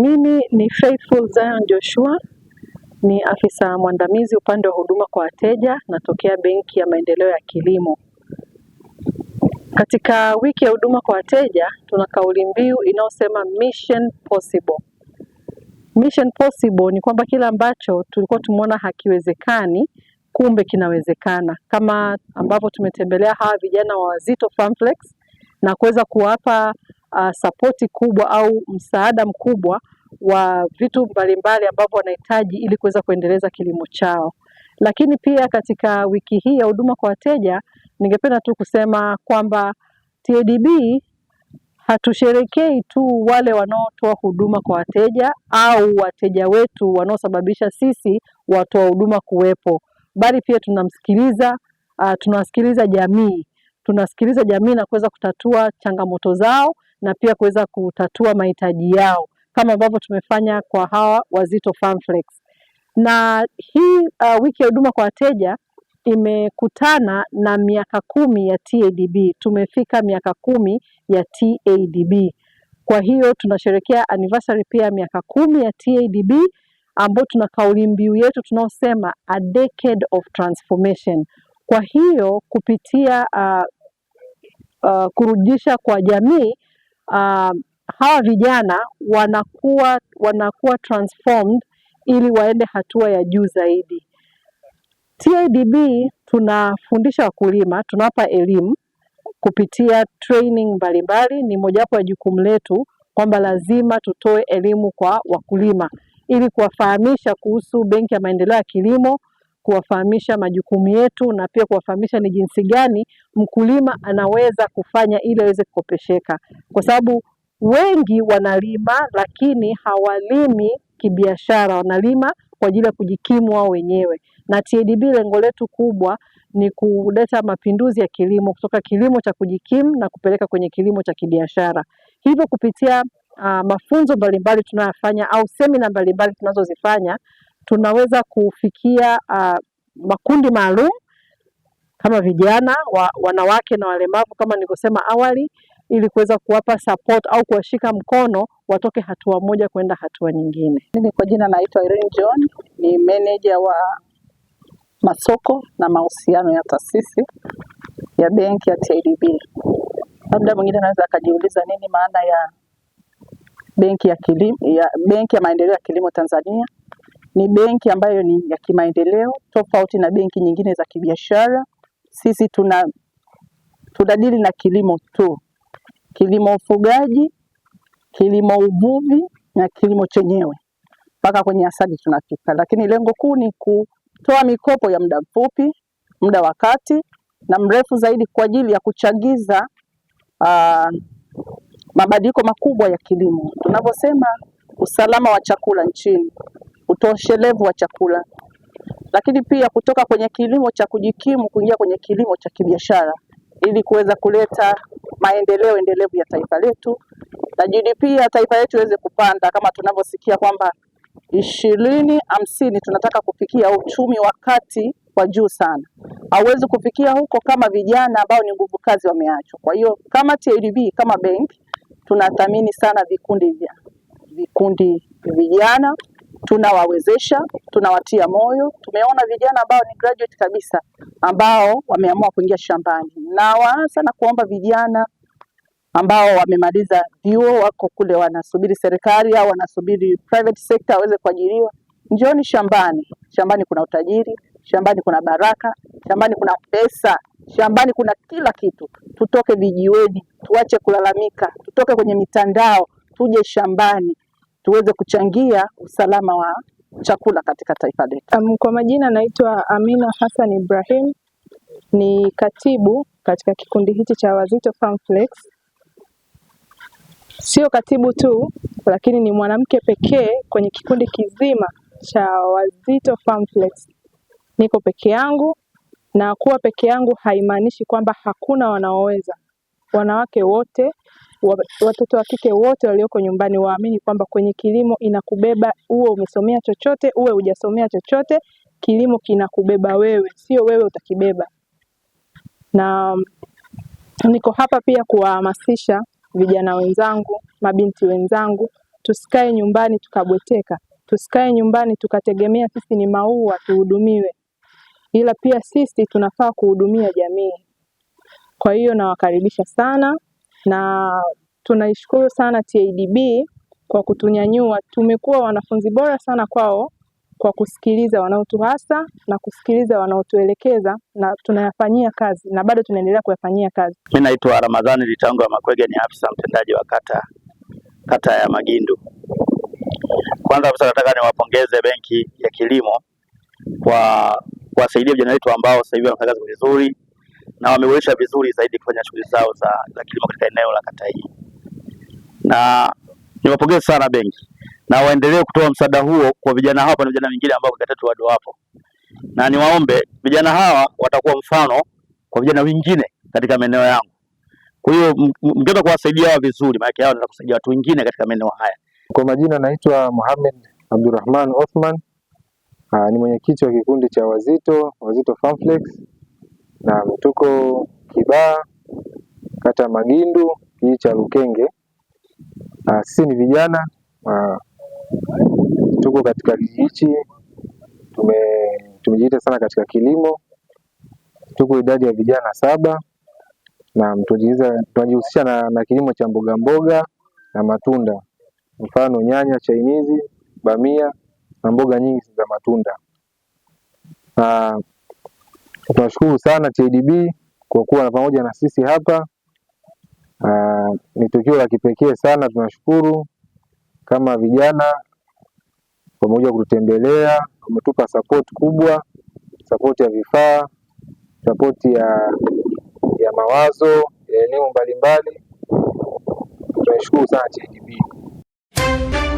Mimi ni Faithful Zion Joshua, ni afisa mwandamizi upande wa huduma kwa wateja, natokea Benki ya Maendeleo ya Kilimo. Katika wiki ya huduma kwa wateja tuna kauli mbiu inayosema Mission Possible. Mission Possible ni kwamba kile ambacho tulikuwa tumeona hakiwezekani kumbe kinawezekana, kama ambavyo tumetembelea hawa vijana wa Wazito Farmflex na kuweza kuwapa uh, sapoti kubwa au msaada mkubwa wa vitu mbalimbali ambavyo wanahitaji ili kuweza kuendeleza kilimo chao. Lakini pia katika wiki hii ya huduma kwa wateja, ningependa tu kusema kwamba TADB hatusherekei tu wale wanaotoa huduma kwa wateja au wateja wetu wanaosababisha sisi watoa huduma kuwepo, bali pia tunamsikiliza uh, tunawasikiliza jamii tunasikiliza jamii na kuweza kutatua changamoto zao na pia kuweza kutatua mahitaji yao kama ambavyo tumefanya kwa hawa Wazito Farmflex. Na hii uh, wiki ya huduma kwa wateja imekutana na miaka kumi ya TADB. Tumefika miaka kumi ya TADB, kwa hiyo tunasherekea anniversary pia ya miaka kumi ya TADB ambao tuna kauli mbiu yetu tunaosema a decade of transformation. Kwa hiyo kupitia uh, uh, kurudisha kwa jamii um, hawa vijana wanakuwa wanakuwa transformed ili waende hatua ya juu zaidi. TADB tunafundisha wakulima, tunawapa elimu kupitia training mbalimbali. Ni mojawapo ya jukumu letu kwamba lazima tutoe elimu kwa wakulima ili kuwafahamisha kuhusu Benki ya Maendeleo ya Kilimo kuwafahamisha majukumu yetu na pia kuwafahamisha ni jinsi gani mkulima anaweza kufanya ili aweze kukopesheka, kwa sababu wengi wanalima lakini hawalimi kibiashara, wanalima kwa ajili ya kujikimu wao wenyewe. Na TADB lengo letu kubwa ni kuleta mapinduzi ya kilimo kutoka kilimo cha kujikimu na kupeleka kwenye kilimo cha kibiashara. Hivyo kupitia uh, mafunzo mbalimbali tunayofanya au semina mbalimbali tunazozifanya tunaweza kufikia uh, makundi maalum kama vijana wa, wanawake na walemavu kama nilivyosema awali, ili kuweza kuwapa support au kuwashika mkono watoke hatua moja kwenda hatua nyingine. Mimi kwa jina naitwa Irene John, ni meneja wa masoko na mahusiano ya taasisi ya benki ya TIDB. Labda mwingine anaweza akajiuliza nini maana ya benki ya kilimo, ya benki ya maendeleo ya kilimo Tanzania ni benki ambayo ni ya kimaendeleo tofauti na benki nyingine za kibiashara. Sisi tuna tunadili na kilimo tu, kilimo ufugaji, kilimo uvuvi na kilimo chenyewe mpaka kwenye asali tunafika, lakini lengo kuu ni kutoa mikopo ya muda mfupi, muda wa kati na mrefu zaidi kwa ajili ya kuchagiza uh, mabadiliko makubwa ya kilimo. tunavyosema usalama wa chakula nchini, utoshelevu wa chakula, lakini pia kutoka kwenye kilimo cha kujikimu kuingia kwenye kilimo cha kibiashara ili kuweza kuleta maendeleo endelevu ya taifa letu na GDP ya taifa letu iweze kupanda kama tunavyosikia kwamba ishirini hamsini tunataka kufikia uchumi wa kati kwa juu sana. Hauwezi kufikia huko kama vijana ambao ni nguvu kazi wameachwa. Kwa hiyo kama TADB kama benki tunathamini sana vikundi vya vikundi vijana tunawawezesha, tunawatia moyo. Tumeona vijana ambao ni graduate kabisa ambao wameamua kuingia shambani, na na kuomba vijana ambao wamemaliza vyuo wako kule wanasubiri serikali au wanasubiri private sector waweze kuajiriwa, njooni shambani. Shambani kuna utajiri, shambani kuna baraka, shambani kuna pesa, shambani kuna kila kitu. Tutoke vijiweni, tuache kulalamika, tutoke kwenye mitandao, tuje shambani tuweze kuchangia usalama wa chakula katika taifa letu. Um, kwa majina naitwa Amina Hassan Ibrahim, ni katibu katika kikundi hichi cha Wazito Flex. Sio katibu tu, lakini ni mwanamke pekee kwenye kikundi kizima cha Wazito Flex. Niko peke yangu, na kuwa peke yangu haimaanishi kwamba hakuna wanaoweza. Wanawake wote watoto wa kike wote walioko nyumbani waamini kwamba kwenye kilimo inakubeba, uwe umesomea chochote, uwe hujasomea chochote, kilimo kinakubeba wewe, sio wewe utakibeba. Na mm, niko hapa pia kuwahamasisha vijana wenzangu, mabinti wenzangu, tusikae nyumbani tukabweteka, tusikae nyumbani tukategemea sisi ni maua tuhudumiwe, ila pia sisi tunafaa kuhudumia jamii. Kwa hiyo nawakaribisha sana na tunaishukuru sana TADB kwa kutunyanyua. Tumekuwa wanafunzi bora sana kwao kwa kusikiliza wanaotuhasa na kusikiliza wanaotuelekeza na tunayafanyia kazi na bado tunaendelea kuyafanyia kazi. Mimi naitwa Ramadhani Litango ya Makwege, ni afisa mtendaji wa kata kata ya Magindu. Kwanza kabisa nataka niwapongeze Benki ya Kilimo kwa kuwasaidia vijana wetu ambao sasa hivi wanafanya kazi vizuri na wamewezesha vizuri zaidi kufanya shughuli zao za, za kilimo katika eneo la kata hii, na niwapongeze sana benki na waendelee kutoa msaada huo kwa vijana hawa na vijana wengine ambao kata tatu bado wapo, na niwaombe vijana hawa watakuwa mfano kwa vijana wengine katika maeneo yangu. Kwa hiyo mgeza kuwasaidia hawa vizuri, maana yao na kusaidia watu wengine katika maeneo haya. Kwa majina naitwa Mohamed Abdurrahman Othman. Aa, ni mwenyekiti wa kikundi cha Wazito Wazito Farmflex. Naam, tuko kibaa kata Magindu, kijiji cha Lukenge. Ah, sisi ni vijana aa, tuko katika kijiji hichi, tumejiita sana katika kilimo. Tuko idadi ya vijana saba na tunajihusisha na, na kilimo cha mboga mboga na matunda, mfano nyanya, chainizi, bamia na mboga nyingi za matunda aa, ah, Tunashukuru sana TADB kwa kuwa pamoja na sisi hapa. Uh, ni tukio la kipekee sana, tunashukuru kama vijana pamoja kututembelea, wametupa sapoti kubwa, sapoti ya vifaa, sapoti ya, ya mawazo ya eneo mbalimbali. Tunashukuru sana TADB.